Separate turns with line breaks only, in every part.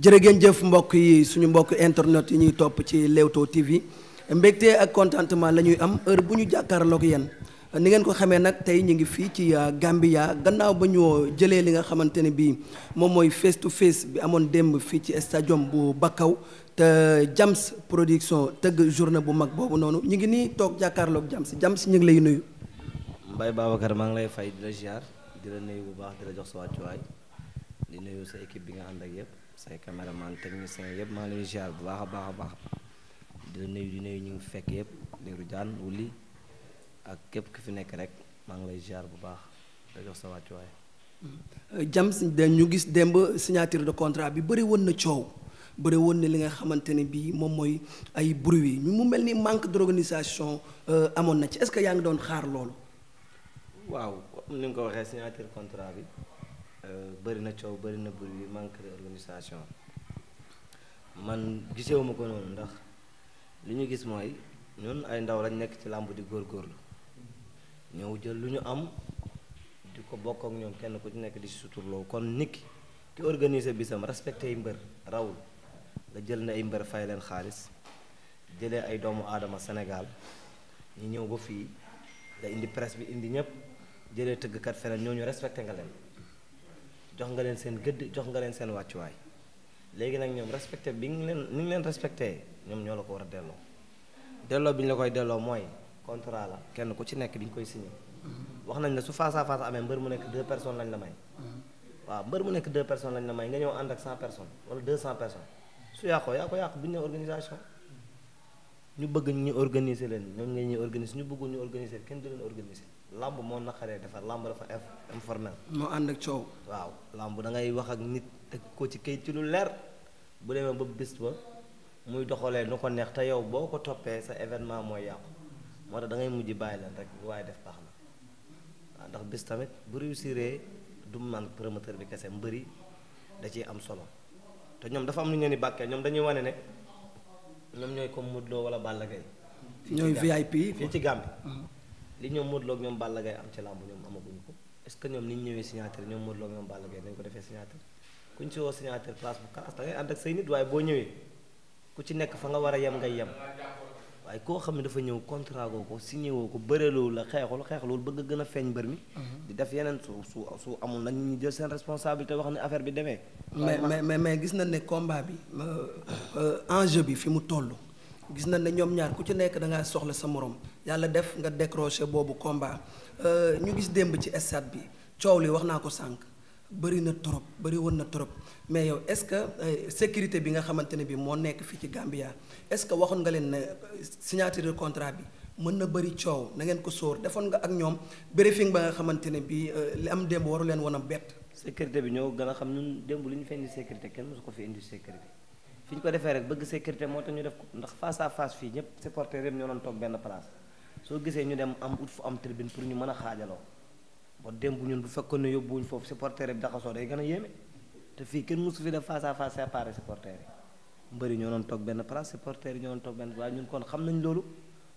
jërëgeen jëf mbokk yi suñu mbokk internet yi ñuy topp ci Leewtoo TV mbégte ak contentement la ñuy am heure bu ñu jàkkaarloog yéen ni ngeen ko xamee nag tey ñu ngi fii ci euh, Gambia gannaaw ba ñu jëlee li nga xamante ne bii moom mooy face to face bi amoon démb fii ci stadium bu Bakau te Jams production tëgg journée bu mag boobu noonu ñu ngi nii toog jàkkaarloog Jams Jams ñu ngi lay nuyu.
Mbaye Babacar maa ngi lay fay di la ziar di la nuyu bu baax di la jox sa di nuyu sa équipe bi nga ànd yëpp. say caméraman technicien yëpp maa ngi leen ziar bu baax a baax a baax di nuyu di nuyu ñu ngi fekk yëpp liiru jaan wuli ak képp ki fi nekk rek maa ngi lay ziar bu baax
da jox jam wàccuwaay.
Jams ñu gis démb signature de contrat bi bëri woon na coow. bëri woon ne li nga xamante ne bii moom mooy ay bruit ñu mu mel ni manque d'organisation euh, amoon na ci est-ce que yaa ngi doon xaar loolu.
waaw ni nga ko waxee signature contrat bi bëri na coow bëri na bruit manque d'organisation man gisewu ma ko noonu ndax li ñu gis mooy ñun ay ndaw lañ nekk ci làmb di góorgóorlu ñëw jël lu ñu am di ko bokk ak ñoom kenn ku ci nekk di si suturloo kon nit ki ki organiser bisam respecté ay mbër rawul la jël na ay mbër fay leen xaalis jëlee ay doomu aadama senegal ñu ñëw ba fii la indi presse bi indi ñëpp jëlee tëggkat feneen ñooñu respecté nga leen jox nga leen seen gëdd jox nga leen seen wàccuwaay léegi nag ñoom respecté bi nga leen ni nga leen respecté ñoom ñoo la ko war a delloo delloo bi ñu la koy delloo mooy contrat la kenn ku ci nekk bi ñu koy signé mhm. wax nañ la su face à face amee mu nekk deux personnes lañ la may mhm. waaw mbër mu nekk deux personnes lañ la may nga ñëw ànd ak cent personnes wala deux cent personnes su yàqoo yaa ko yàq bu ñu nee organisation ñu bëgg ñu organiser leen ñoom ngay ñuy organiser ñu bëggul ñu organiser kenn du leen organiser làmb moo naqaree defar làmb dafa informel. moo ànd ak coow. waaw làmb da ngay wax ak nit teg ko ci kayit ci lu leer bu demee ba bis ba muy doxalee nu ko neex te yow boo ko toppee sa événement mooy yàqu moo tax da ngay mujj bàyyi leen rek waaye def baax na waaw ndax bis tamit bu réussiree du man promoteur bi kese mbëri da ciy am solo te ñoom dafa am lu ñu ni bàkkee ñoom dañuy wane ne ñoom ñooy comme Modou Lo wala Balla
ñooy VIP fii ci Gambie.
li ñoom Modou Lo ñoom Balla Gaye am ci làmb ñoom amaguñu ko est que ñoom ni ñu ñëwee signature ñoom Modou Lo ñoom Balla Gaye dañ ko defee signature ku si woo signature place bu classe da ngay ànd say nit waaye boo ñëwee ku ci nekk fa nga war a yem ngay yem waaye koo xam ne dafa ñëw contrat goo ko signé woo ko bëreeloo la xeexul xeexul bëgg gën a feeñ mbër mi. Mhm. di def
yeneen su su su amul nag ñu jël seen responsabilité wax ni affaire bi demee. mais mais mais gis nañ ne combat bi euh, euh, enjeu bi fi mu toll. gis nañ ne ñoom ñaar ku ci nekk da soxla sa morom yàlla def nga décroché boobu combat euh, ñu gis démb ci stade bi coow li wax naa ko sànq bari na trop bari woon na trop mais yow est-ce que euh, sécurité bi nga xamante ne bi moo nekk fii ci Gambia est-ce que waxoon nga leen ne euh, signature de contrat bi mën na bari coow na ngeen ko soor defoon nga ak ñoom briefing ba nga xamante ne bi li am démb waru leen woon a bett. sécurité bi ñoo gën a xam ñun démb li ñu fee indi sécurité kenn mësu ko fi
indi sécurité. fi ñu ko defee rek bëgg sécurité moo tax ñu def ko ndax face à face fii ñëpp supporters yëpp ñoo doon toog benn place soo gisee ñu dem am ut fu am tribune pour ñu mën a xaajaloo ba démb ñun bu fekkoon ne yóbbuwuñ foofu supporters yi daxasoo day gën a yéeme te fii kenn mosu fi def face à face séparé supporters yi mbëri ñoo doon toog benn place supporters yi ñoo doon toog benn waaye ñun kon xam nañ loolu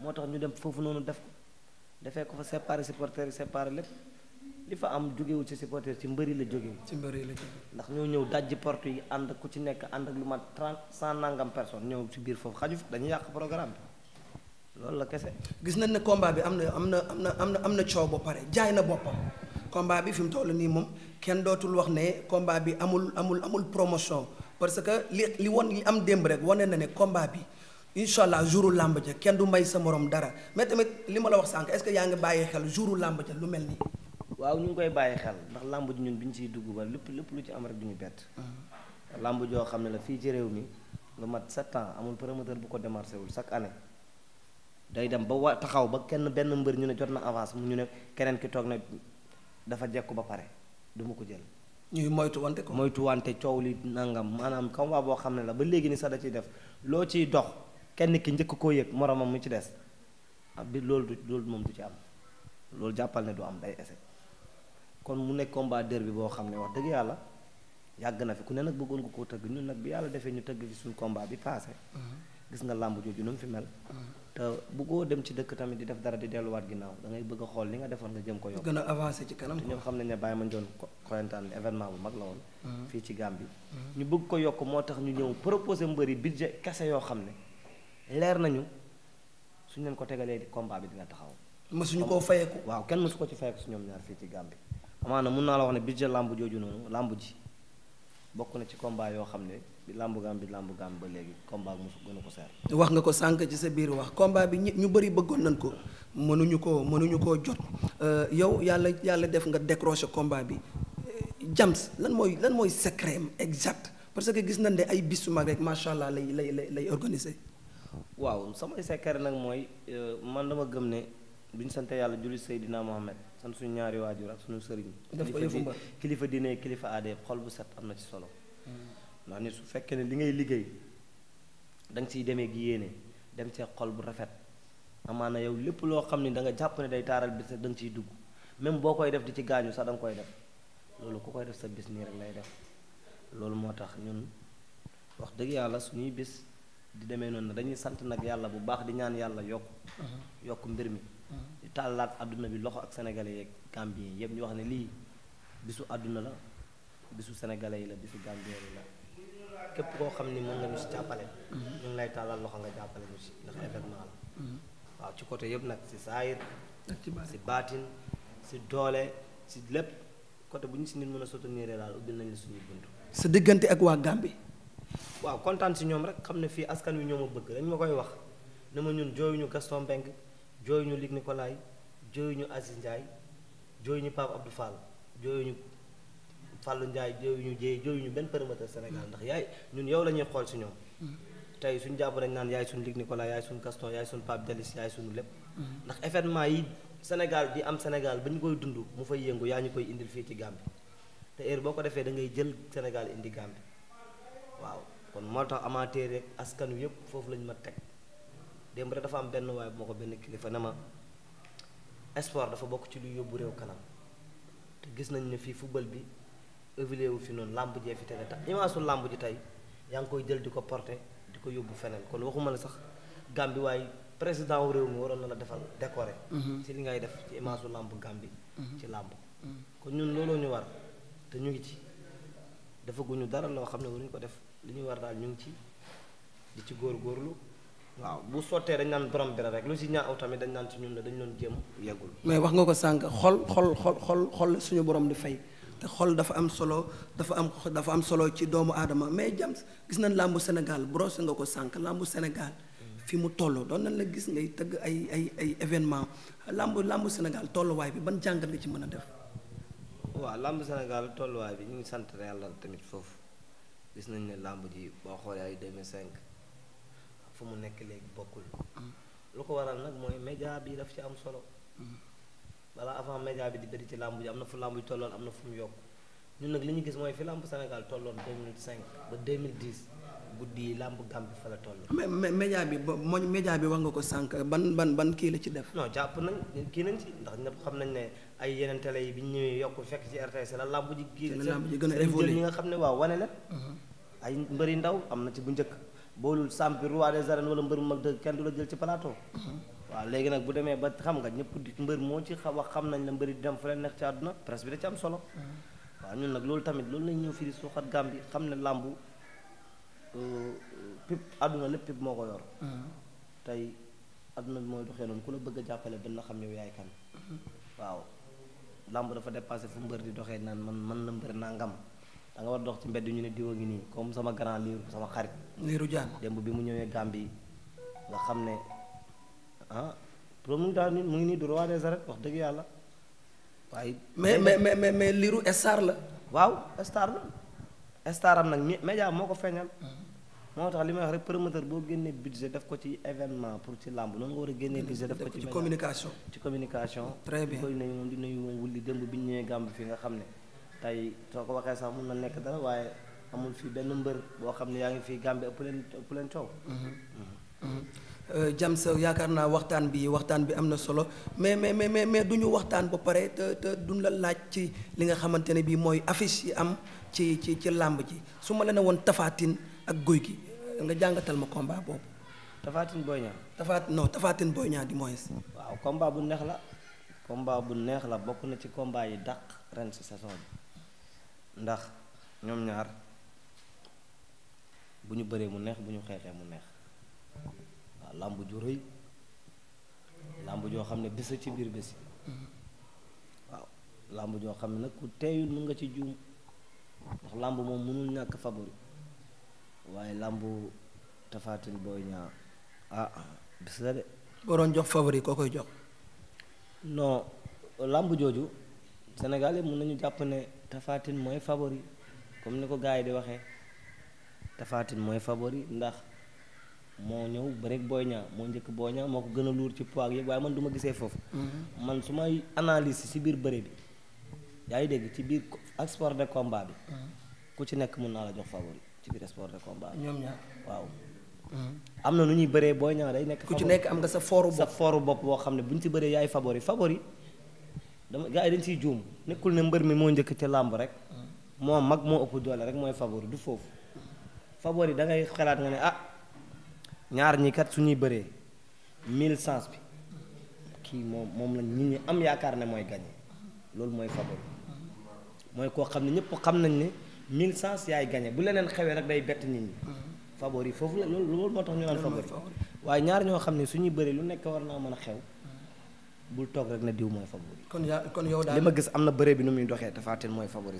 moo tax ñu dem foofu noonu def ko defee ko fa séparé supporters lépp li fa am jógewul ci supporter ci mbëri la jóge ci mbëri la jóge ndax ñoo ñëw dajji porte yi ànd ku ci nekk ànd ak lu mat trente cent nangam personne ñëw ci biir foofu xaju dañu yàq programme
bi loolu la kese. gis nañ ne combat bi am na am na am na am na am na coow ba pare jaay na boppam combat bi fi mu toll nii moom kenn dootul wax ne combat bi amul amul amul promotion parce que li li won li am démb rek wane na ne combat bi. incha allah jouru làmb ja kenn du may sa morom dara mais tamit li ma la wax sànq est-ce yaa ngi bàyyi xel jouru làmb ja lu mel nii. waaw ñu
ngi koy bàyyi xel ndax làmb ji ñun bi ñu ciy dugg ba lépp lépp lu ci am rek du ñu bett.
Mm-hmm.
làmb joo xam ne la fii ci réew mi lu mat sept ans amul promoteur bu ko démarché wul chaque année. day dem ba wa taxaw ba kenn benn mbër ñu ne jot na avance mu ñu ne keneen ki toog ne dafa jekku ba pare du ma
ko jël. ñuy moytu wante
ko moytu wante coow li nangam maanaam combat boo xam ne la ba léegi ni sax da ciy def loo ciy dox kenn ki njëkk koo yëg moromam mu ci des ah bi loolu du loolu moom du ci am loolu jàppal ne du am day échec. kon mu nekk combat bi boo xam ne wax dëgg yàlla yàgg na fi ku ne nag bëggoon nga koo tëgg ñun nag bi yàlla defee ñu tëgg fi suñu combat bi passé
mm-hmm.
gis nga làmb jooju nu mu fi mel mm-hmm. te bëggoo dem ci dëkk tamit di def dara di delluwaat ginnaaw da ngay bëgg a li nga defoon nga jëm ko yokk gën a ci kanam ñoo xam ne ne Baye Mandione Koyantaan événement bu mag la woon
mm-hmm.
fii
ci Gambie ñu bëgg ko yokk moo tax ñu ñëw proposé mbëri budget kese yoo xam ne leer nañu suñu leen ko tegalee combat bi dina taxaw mësuñu koo fayeku waaw kenn su ko ci fayeku su ñoom ñaar fii ci Gambie amaana mun naa la wax ne budget làmb jooju noonu làmb ji bokk na ci combat yoo xam ne bi làmb gaam bi làmb gaam ba léegi combat bi mosu gën a ko seer.
wax nga ko sànq ci sa biir wax combat bi ñu bëri bëggoon nañ ko mënuñu koo mënuñu koo jot euh, yow yàlla yàlla def nga décroché combat bi euh, Jams lan mooy lan mooy secret exact parce que gis nañ de ay bis yu rek macha allah lay lay lay lay organiser.
waaw samay secret nag mooy euh, man dama gëm ne. bi ñu sant yàlla julli Seydina Mohamed sant suñu ñaari waajur ak suñu sëriñ. def ko yëfu mbar kilifa diine kilifa aade xol bu set am na ci solo.
Hmm.
ndax nit su fekkee ne li ngay liggéey da ciy demee gi yéene dem see xol bu rafet amaana yow lépp loo xam ne danga nga jàpp ne day taaral bi da nga ciy dugg même boo koy def di ci gaañu sax da koy def loolu ku koy def sa bis nii rek lay def loolu moo tax ñun wax dëgg yàlla suñuy bis. di demee noonu dañuy sant nag yàlla bu baax di ñaan yàlla yokk uh-huh. yokk mbir mi uh-huh. tàllaat àdduna bi loxo ak sénégalais yeeg gambien yëpp ñu wax ne lii bisu àdduna la bisu sénégalais yi la bisu gambien yi la képp koo xam ni mën nga ñu si jàppale uh-huh. ñu ngi lay tàllal loxo nga jàppale ñu si ndax événement la waaw ci côté yëpp nag si saayir si baatin si doole si lépp côté bu ñu si nit mën a soutenir daal ubbil nañu suñuy buntu
sa diggante ak waa Gambie
waaw kontaan si ñoom rek xam ne fii askan wi ñoo ma bëgg dañ ma koy wax ne ma ñun jooyuñu Gaston Mbengue jooyuñu Luc Nicolaï jooyuñu Aziz Ndiaye jooyuñu Pape Abdou Fall jooyuñu Fallou Ndiaye jooyuñu Dieye jooyuñu benn promoteur Sénégal ndax yaay ñun yow la xool si ñoom tey suñu jàpp dañ naan yaay suñ Luc Nicolaï yaay suñu Gaston yaay suñu Pape Delis yaay suñu lépp ndax événement yi Sénégal di am Sénégal ba ñu koy dund mu fay yëngu yaa ñu koy indil fii ci bi te heure boo ko defee da jël Sénégal indi Gambie kon moo tax amateur rek askan wi yëpp foofu lañu ma teg démb rek dafa am benn waaye bu ma ko benn kilifa ne ma sport dafa bokk ci lu yóbbu réew kanam te gis nañ ne fii football bi évolué wu fi noonu làmb jee fi tele tax imaasu làmb ji tey yaa ngi koy jël di ko porté di ko yóbbu feneen kon waxuma ne sax Gambie waaye président wu réew mi waroon na la defal décoré mm-hmm. ci li ngay def ci imaasu làmb Gambie mm-hmm. ci làmb mm-hmm. kon ñun looloo ñu war te ñu ngi ci dafa guñu dara loo xam ne waruñu ko def li ñu war daal ñu ngi ci di ci góorgóorlu waaw bu sottee dañ naan borom bi rek lu si aw tamit dañ naan ci ñun la dañ doon jéem yeggul
mais wax nga ko sànq xol xol xol xol xol suñu borom di fay te xol dafa am solo dafa am dafa am solo ci doomu aadama mais jam gis nañ làmbu Sénégal brosse nga ko sànq làmbu Sénégal fi mu toll doon nañ la gis ngay tëgg ay ay ay événement làmbu làmbu Sénégal tolluwaay bi ban jàngat nga ci mën a def
waaw làmbu Sénégal tolluwaay bi ñu ngi sant yàlla tamit foofu gis nañ ne làmb ji boo xoolee ay cinq fu mu nekk léegi bokkul. Mm. lu ko waral nag mooy média bi daf ci am solo. Mm. balaa avant média bi di bëri ci làmb ji am na fu làmb ji am na fu mu yokk ñun nag li ñu gis mooy fi làmb Sénégal tolloon 2005 ba 2010. guddi yi làmb Gambie fa la toll.
mais mais média bi bo mooy média bi wax nga ko sànq ban ban ban kii la ci def.
noo jàpp nañ kii nañ ci ndax ñëpp xam nañ ne ay yeneen télé yi bi ñu ñëwee yokk fekk ci RTS la làmb ji. gën a làmb ji gën a évolué ñi nga xam ne
waaw wane na. ay mbëri
ndaw am na ci bu njëkk boolu sampi roi des arènes wala mbër mu mag dëgg kenn du la jël ci palaato waaw léegi nag bu demee ba xam nga ñëpp di mbër moo ci wax xam nañ la mbëri di dem fa leen neex ci àdduna presse bi da ci am solo waaw ñun nag loolu tamit loolu lañ ñëw fii di suuxat gàm bi xam ne làmb euh, pip àdduna lépp pip moo ko yor tey àdduna bi mooy doxee noonu ku la bëgg a jàppale dina xam yow yaay kan waaw làmb dafa dépassé fu mbër di doxee naan man man la mbër da nga war dox ci mbedd ñu ne diwa ngi nii comme sama grand liiru sama xarit. liiru jaan démb bi mu ñëwee Gambie nga xam ne ah loolu mu ngi nii du roi des wax dëgg yàlla waaye. mais mais mais mais liiru star la. waaw star la star am nag moo ko feeñal.
Hmm.
tax li may wax rek promoteur boo génnee budget def ko ci événement pour ci làmb noonu nga war a génnee budget def ko ci communication ci communication. très bien di nuyu moom di démb bi ñu ñëwee Gambie fi nga xam ne. tey soo ko waxee sax mun na nekk dara waaye amul fii benn mbër boo xam
ne yaa ngi fii Gambie ëpp leen ëpp leen coow. Mhm. James yaakaar naa waxtaan bi waxtaan bi am na solo mais mais mais mais du ñu waxtaan ba pare te te duñ laaj ci li nga xamante ne bii mooy affiche yi am ci ci ci làmb ji su ma la ne woon tafaatin ak guy gi nga jàngatal ma combat boobu. tafaatin booy ñaa. tafaat tafaatin booy ñaa du moins.
waaw combat bu neex la. combat bu neex la bokk na ci combat yi dàq ren si saison bi. ndax ñoom ñaar bu ñu bëree mu neex bu ñu xeexee mu neex waaw làmb ju rëy làmb joo xam ne bés ci biir bés waaw làmb joo xam ne nag ku teeyul mën nga ci juum ndax làmb moom mënul ñàkk favori waaye làmb tafaatin booy ñaa ah, ah bés la de boo doon
jox favori koo koy jox
no làmb jooju Sénégal yi nañu jàpp ne tafaatin mooy favori comme ni ko gaa yi di waxe tafaatin mooy favori ndax moo ñëw ba rek Boy moo njëkk Boy Niang moo ko gën a luur ci poids yëpp waaye man duma ma gisee foofu mm-hmm. man su may analyse si biir bëre bi yaa ngi dégg ci biir ak sport de combat bi mm-hmm. ku ci nekk mun naa la jox favori ci biir sport de combat bi ñoom ñaar waaw
mm-hmm.
am na nu ñuy bëree Boy Niang day nekk ku ci nekk am nga sa fooru bopp sa boo xam ne bu ñu ci bëree yaay favori favori dama gars yi dañ siy juum nekkul ne mbër mi moo njëkk ca làmb rek moo mag moo ëpp doole rek mooy favori du foofu favori da ngay xalaat nga ne ah ñaar ñi kat suñuy bëree mille sens bi kii moom moom la ñi ñi am yaakaar ne mooy gagné loolu mooy favori mooy koo xam ne ñëpp xam nañ ne mille sens yaay gagné bu leneen xewee rek day bett nit ñi favori foofu la loolu loolu moo tax ñu naan favori waaye ñaar ñoo xam ne suñuy bëree lu nekk war naa mën a xew bul toog rek na diw mooy favori. kon yow daal ma gis am na bëre bi nu muy doxee Tapha Tine mooy favori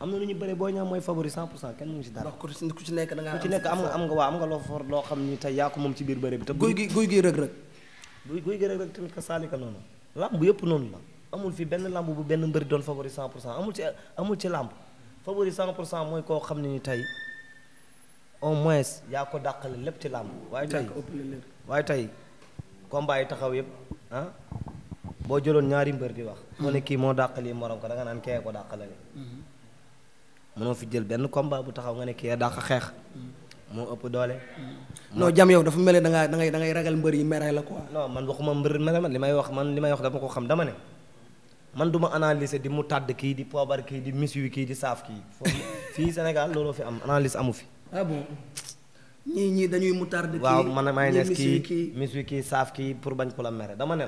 am na nu ñu bëre Boy Niang mooy favori 100 pour cent kenn mënu ci dara. ndax ku ci nekk da ngaa am ku ci nekk am nga am nga waa am nga loo for loo xam ni tey yaa ko moom ci biir bëre bi. te guy gi guy rëg rëg. guy guy rëg rëg tamit ka saalika noonu. làmb yëpp noonu la amul fi benn làmb bu benn mbëri doon favori 100 pour cent amul ci amul ci làmb favori 100 pour cent mooy koo xam ne ni tey au moins yaa ko dàqale lépp ci làmb. waaye tey waaye tey combat yi taxaw yëpp ah, boo jëloon ñaari mbër di wax. moo ne kii moo dàqali morom ko da nga naan kee ko dàqalale. Mm-hmm. mënoo fi jël benn combat bu taxaw nga ne kii dàq xeex. Mm-hmm. moo ëpp doole. Mm-hmm. noo jam yow
dafa mel ne da ngaa da da ngay ragal mbër yi mere la ko
man waxuma mbër mere man li may wax man li may wax dama ko xam dama ne. man du ma analyser di mu tàdd kii di poobar kii di misiwi kii di saaf kii foofu fii Sénégal looloo fi am analyse amu fi. ah
ñii ñii dañuy mu tàdd. kii waaw man mayonnaise
kii misiwi kii saaf kii pour bañ ko la mere dama ne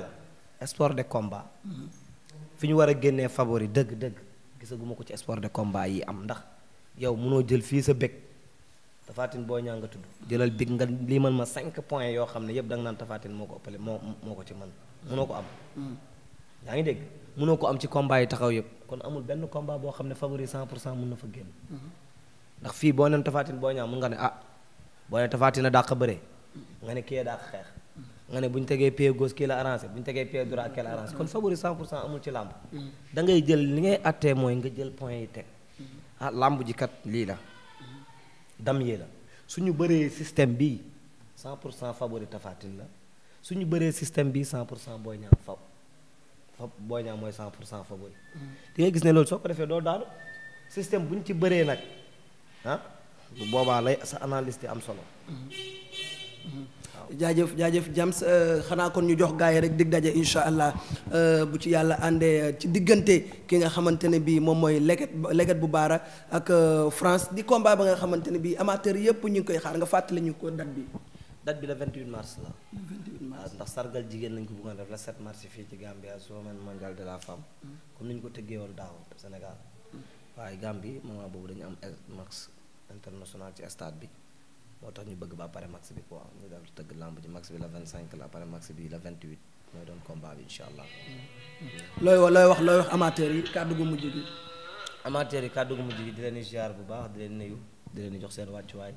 sport de combat fi ñu war a génnee favori dëgg dëgg gisaguma ko ci sport de combat yi am ndax yow mënoo jël fii sa bëgg tafaatin boo ñaa nga tudd jëlal big nga lii man ma cinq point yoo xam ne yëpp danga nga naan tafaatin moo ko ëppale moo moo ko ci man mënoo ko am mm. yaa ngi dégg mënoo ko am ci combat yi taxaw yëpp kon amul benn combat boo xam ne favori cent pour cent mun na fa génn mm-hmm. ndax fii boo neen tafaatin boo ñaa mun nga ne ah boo ne tafaatin a dàq bëre nga ne kii dàq xeex nga ne bu ñu tegee pied gauche kii la arrangé bu ñu tegee pied droit kii la arrangé kon favori 100 pour cent amul ci làmb mm. da ngay jël li ngay attee mooy nga jël point yi teg mm. ah làmb ji kat lii la mm. dam yi la ñu bëree système bi cent pour cent favori tafatin la suñu bëree système bi cent pour cent booy ñaam fa booy ñaam mooy 100 pour cent favori di gis ne loolu soo ko defee doo daanu système bu ci bëree nag ah boobaa lay sa
analyse am solo jaajëf jaajëf Jams euh, xanaa kon ñu jox gars yi rek dig daje incha allah euh, bu ci yàlla àndee euh, ci diggante ki nga xamante ne bii moom mooy leket leget bu baara ak France di combat ba nga xamante ne bii amateur yëpp ñu ngi koy xaar nga fàttali ñu ko date bi.
date bi le 28 mars la. Ah, ndax sargal jigéen lañ ko bëggoon def le 7 mars fii ci Gambia semaine mondiale de la femme. Mm. comme ni ñu ko tëggee woon daaw Sénégal. Mm. waaye Gambie moment boobu dañu am max international ci state bi. moo tax ñu bëgg ba pare max bi quoi ñu dal max bi la 25 la pare max bi la 28 mooy doon combat bi incha allah.
looy wax looy wax looy yi kàddu gu mujj
gi. yi kàddu gu mujj gi di leen ziar bu baax di leen nuyu di leen jox seen wàccuwaay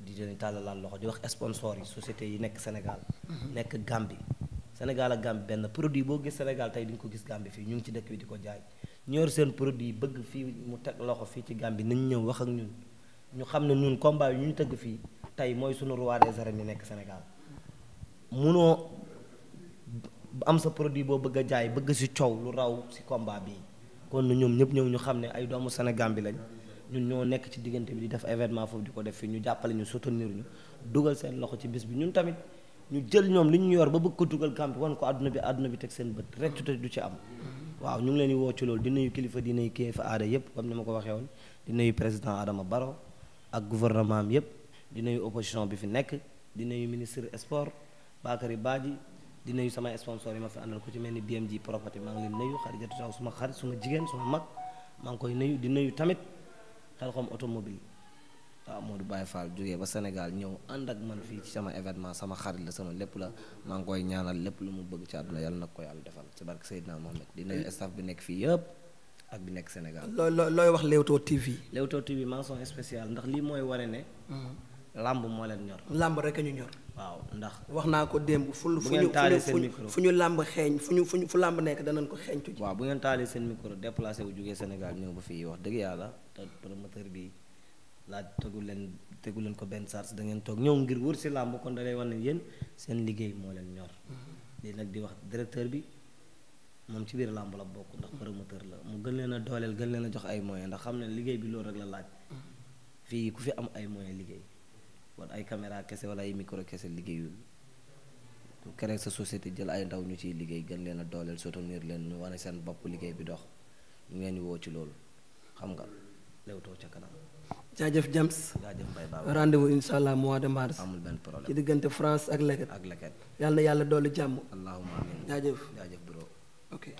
di leen tàllalaat loxo di wax sponsor yi société yi nekk Sénégal. Mhm. nekk Gambie. Sénégal ak Gambie benn produit boo gis Sénégal tey di nga ko gis Gambie fii ñu ngi ci dëkk bi di ko jaay ñor seen produit bëgg fii mu teg loxo fii ci Gambie nañ ñëw wax ak ñun. ñu xam ne ñun combat yi ñu tëgg fii tey mooy sunu roi des arènes yi nekk Sénégal munoo am sa produit boo bëgg a jaay bëgg si coow lu raw si combat bi kon ñoom ñëpp ñëw ñu xam ne ay doomu Sénégal bi lañ ñun ñoo nekk ci diggante bi def événement foofu di ko def fii ñu jàppale ñu soutenir ñu dugal seen loxo ci bis bi ñun tamit ñu jël ñoom li ñu yor ba bëgg ko dugal camp wan ko àdduna bi àdduna bi teg seen bët rek du ci am. waaw ñu ngi leen di woo ci loolu di nuyu kilifa di nuyu kilifa aada yëpp comme ni ma ko waxee woon di nuyu président Adama Baro. ak gouvernement am yëpp di nuyu opposition bi fi nekk di nuyu ministre sport Bakary Badji di nuyu samay sponsor yi ma fi àndal ku ci mel ni BMG Property maa ngi leen nuyu Xadijatu Saw suma xarit suma jigéen suma mag maa koy nuyu di nuyu tamit Xelcom automobile waaw Modou Baye Fall jógee ba Sénégal ñëw ànd ak man fii ci sama événement sama xarit la sama lépp la maa ngi koy ñaanal lépp lu mu bëgg ci àdduna yàlla na ko yàlla defal ci barke Seydina Mohamed di nuyu staff bi nekk fii yëpp. ak bi
nekk Sénégal. looy looy wax Leewtoo TV.
Leewtoo TV mention spéciale ndax lii mooy wane ne. Mm-hmm. làmb moo leen ñor.
làmb rek a ñu ñor. waaw ndax. wax naa ko démb fu fu ñu fu
ñu làmb xeeñ fu ñu fu ñu fu làmb nekk danañ ko xeeñ tuuti. waaw bu ngeen taalee seen micro déplacé wu jógee Sénégal ñëw ba fii wax dëgg yàlla te promoteur bi laaj tegul leen tegu leen ko benn sars da ngeen toog ñëw ngir wër si làmb kon da lay ne yéen seen liggéey moo leen ñor. Mm-hmm. lii nag di wax directeur bi. moom ci biir làmb la bokk ndax promoteur la mu gën leen a dooleel gën leen jox ay moyens ndax xam ne liggéey bi loolu rek la laaj fii ku fi am ay moyens liggéey kon ay caméra kese wala ay micro kese liggéeyul ku créer sa société jël ay ndaw ñu ciy liggéey gën leen a dooleel soutenir leen ñu wane seen bopp liggéey bi dox ñu ngeen woo ci loolu xam nga Leewtoo ca kanam.
jaajëf James. jaajëf Mbaye Baba rendez-vous incha allah mois de mars. amul benn problème ci diggante France ak Leket. ak Leket. yàlla na yàlla dolli jàmm. allahumma amiin jaajëf
jaajëf bro. Okay